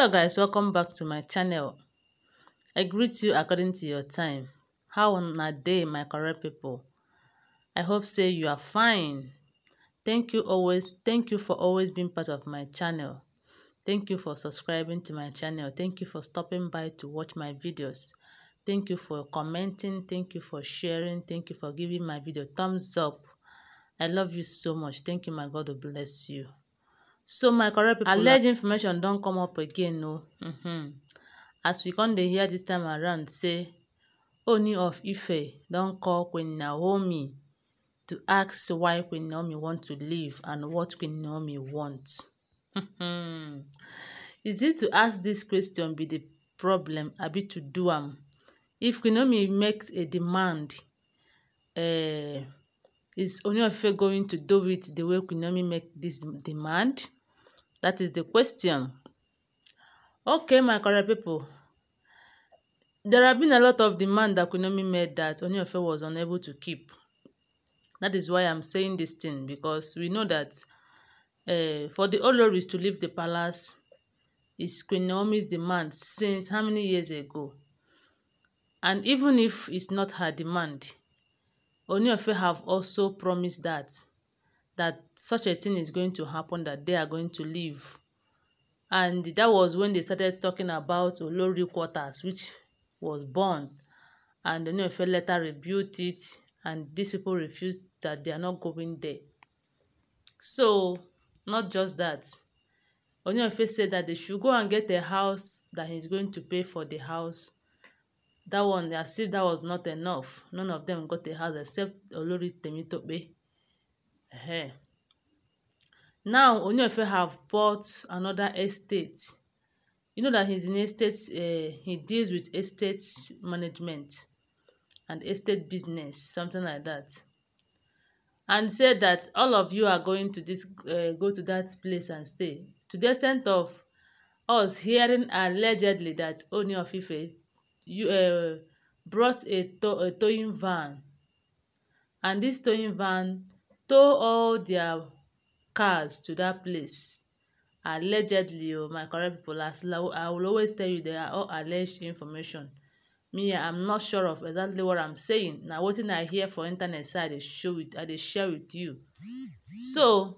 hello guys welcome back to my channel i greet you according to your time how on a day my correct people i hope say you are fine thank you always thank you for always being part of my channel thank you for subscribing to my channel thank you for stopping by to watch my videos thank you for commenting thank you for sharing thank you for giving my video thumbs up i love you so much thank you my god will bless you so my correct people alleged information don't come up again o mm-hmm. as we con dey hear this time around say oni of ife don't call queen naomi to ask why queen naomi want to leave and what queen naomi wants. Mm-hmm. is it to ask this question be the problem a bit to do am if queen naomi makes a demand uh, is only of going to do it the way Queen Naomi make this demand? That is the question. Okay, my color people. There have been a lot of demand that Kunomi made that Oniofe was unable to keep. That is why I'm saying this thing because we know that uh, for the Oloris to leave the palace is Queen Naomi's demand since how many years ago? And even if it's not her demand, Oniofe have also promised that that such a thing is going to happen, that they are going to leave. And that was when they started talking about Olori quarters, which was born. And the new Onyefe later rebuked it, and these people refused that they are not going there. So, not just that. Onyefe said that they should go and get a house, that he is going to pay for the house. That one, as if that was not enough. None of them got a house except Olori Temitope. Ehen. Now Onyefe have bought another estate. You know that he's in estate, uh, he deals with estate management and estate business, something like that. And said that all of you are going to this, uh, go to that place and stay. To the extent of us hearing allegedly that Ooni you, uh, brought a, to- a towing van and this towing van tow all their cars to that place allegedly o oh, my correct people as i will always tell you they are all alleged information me i'm not sure of exactly what i'm saying na wetin i hear for internet so i dey show with i dey share with you so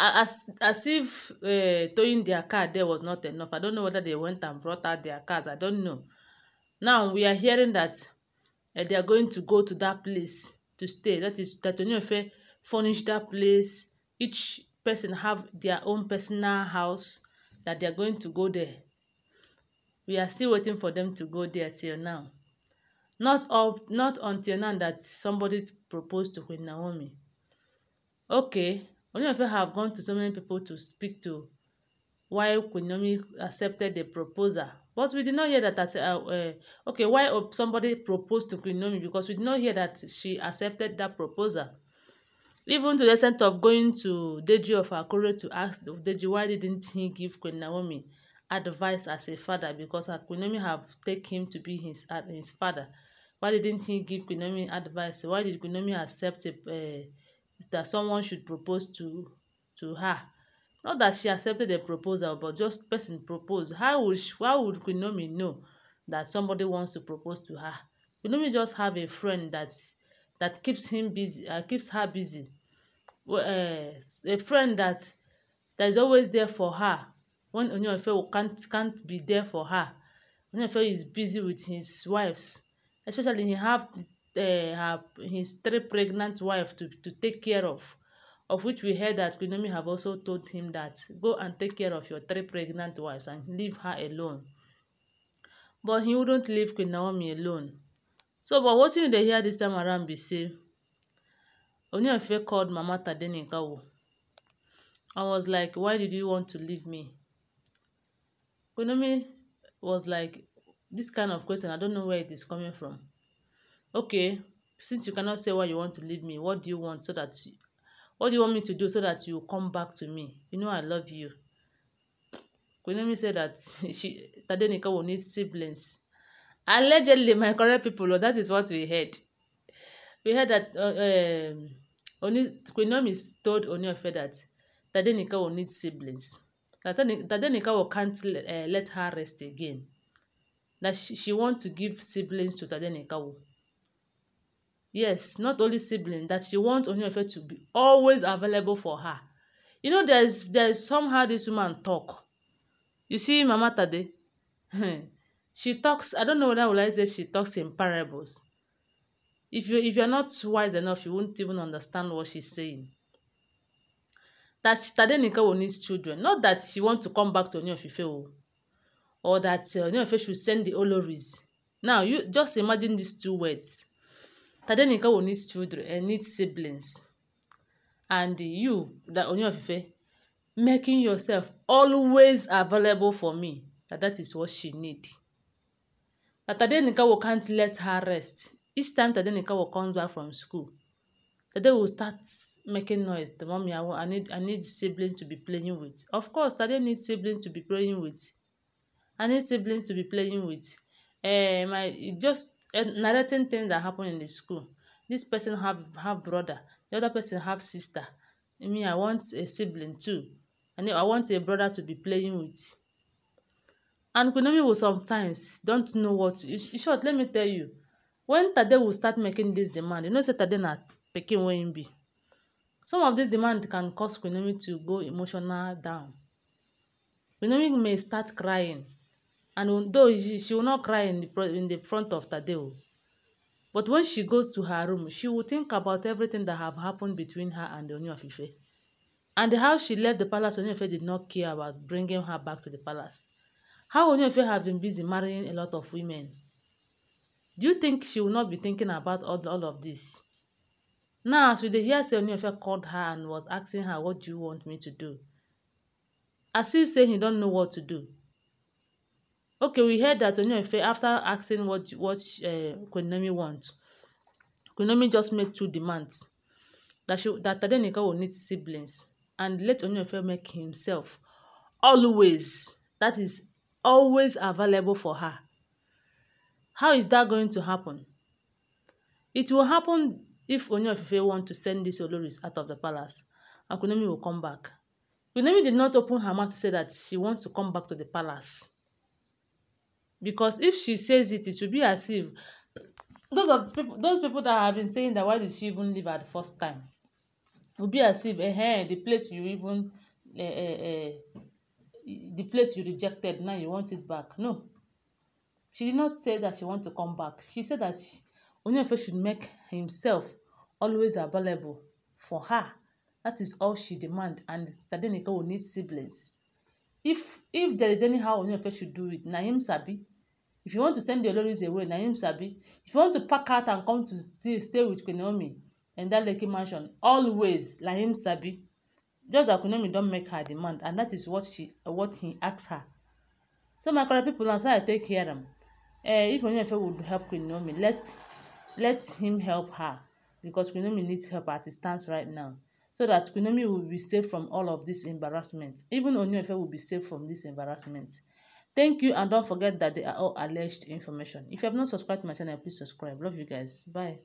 as as if uh, eh, towing their car there was not enough i don't know whether they went and brought out their cars i don't know now we are hearing that uh, they are going to go to that place to stay that is that Tony Efe furnish that place each person have their own personal house that they are going to go there we are still waiting for them to go there till now not up not until now that somebody proposed to Queen Naomi okay Ooni of Ife have gone to so many people to speak to why Kunomi accepted the proposal. But we did not hear that, uh, uh, okay, why somebody proposed to Kunomi because we did not hear that she accepted that proposal. Even to the extent of going to Deji of Akure to ask Deji why didn't he give Queen Naomi advice as a father because Queen have taken him to be his, uh, his father. Why didn't he give Kunomi advice? Why did Kunomi accept a, uh, that someone should propose to to her? Not that she accepted the proposal, but just person proposed. How would she, how would Kunomi know that somebody wants to propose to her? Kunomi just have a friend that that keeps him busy, uh, keeps her busy. Uh, a friend that that is always there for her when Onyefe can't can't be there for her. Onyefe is busy with his wives, especially he have uh, her, his three pregnant wife to to take care of of which we heard that Kunomi have also told him that go and take care of your three pregnant wives and leave her alone. But he wouldn't leave Queen Naomi alone. So but wetin you dey hear dis time around be say Ooni of called Mama Tadenikawo. I was like why did you want to leave me? Kunomi was like this kind of question I don't know where it is coming from. Okay since you cannot say why you want to leave me what do you want so that What do you want me to do so that you come back to me? You know I love you. Kunemi said that she Tadenikawa will need siblings. Allegedly, my correct people, oh, that is what we heard. We heard that uh, um, Oni Kunomi told Oniofe that Tadenika will need siblings. That will can't uh, let her rest again. That she, she wants to give siblings to Tadenika. Yes, not only sibling that she wants Oniofe to be always available for her. You know, there's there's somehow this woman talk. You see, Mama Tade, she talks. I don't know whether I would like say she talks in parables. If you if you're not wise enough, you won't even understand what she's saying. That Tade Nikawo needs children. Not that she wants to come back to Oniofe oh. or that uh, should send the Oloris. Now, you just imagine these two words. Tadenika will need children and eh, need siblings. And you, that Ooni of making yourself always available for me. That that is what she need. That Tadenika will can't let her rest. Each time Tadenika will comes back from school, Tade will start making noise. The mommy, I, will, I need I need siblings to be playing with. Of course, Tade needs siblings to be playing with. I need siblings to be playing with. Uh, my just Eh, narrating things that happen in the school. This person have have brother, the other person have sister. I mean, I want a sibling too. And I want a brother to be playing with. And Kunomi will sometimes don't know what to, in short, let me tell you. When Tade will start making this demand, you know say Tade na pikin wey im be. Some of this demand can cause Kunomi to go emotional down. Kunomi may start crying and though she, she will not cry in the, in the front of Tadeo. But when she goes to her room, she will think about everything that have happened between her and Ooni And how she left the palace, Ooni did not care about bringing her back to the palace. How Ooni of have been busy marrying a lot of women. Do you think she will not be thinking about all, all of this? Now, as we hear say Ooni called her and was asking her, what do you want me to do? As if saying he don't know what to do. Okay, we heard that Onyefe, after asking what what uh, eh, Koinomi wants, Koinomi just made two demands that she that Tadenika will need siblings and let Onyefe make himself always that is always available for her. How is that going to happen? It will happen if Onyefe want to send these Oloris out of the palace. and Akunemi will come back. Kunemi did not open her mouth to say that she wants to come back to the palace because if she says it it will be as if those of people those people that have been saying that why did she even leave at the first time it will be as if eh, the place you even eh, eh, eh, the place you rejected now you want it back no she did not say that she want to come back she said that she, Onyefe should make himself always available for her that is all she demand and Tadenike will need siblings if if there is anyhow Oniofe should do it na him sabi if you want to send the lorries away na him sabi if you want to pack out and come to stay stay with Queen Naomi in that Lekki mansion always na him sabi just that Queen don make her demand and that is what she what he ask her so my correct people na so i take hear am eh if Oniofe would help Queen let let him help her because Queen needs help at his stance right now so that Kunomi will be safe from all of this embarrassment. Even Onyefe will be safe from this embarrassment. Thank you and don't forget that they are all alleged information. If you have not subscribed to my channel, please subscribe. Love you guys. Bye.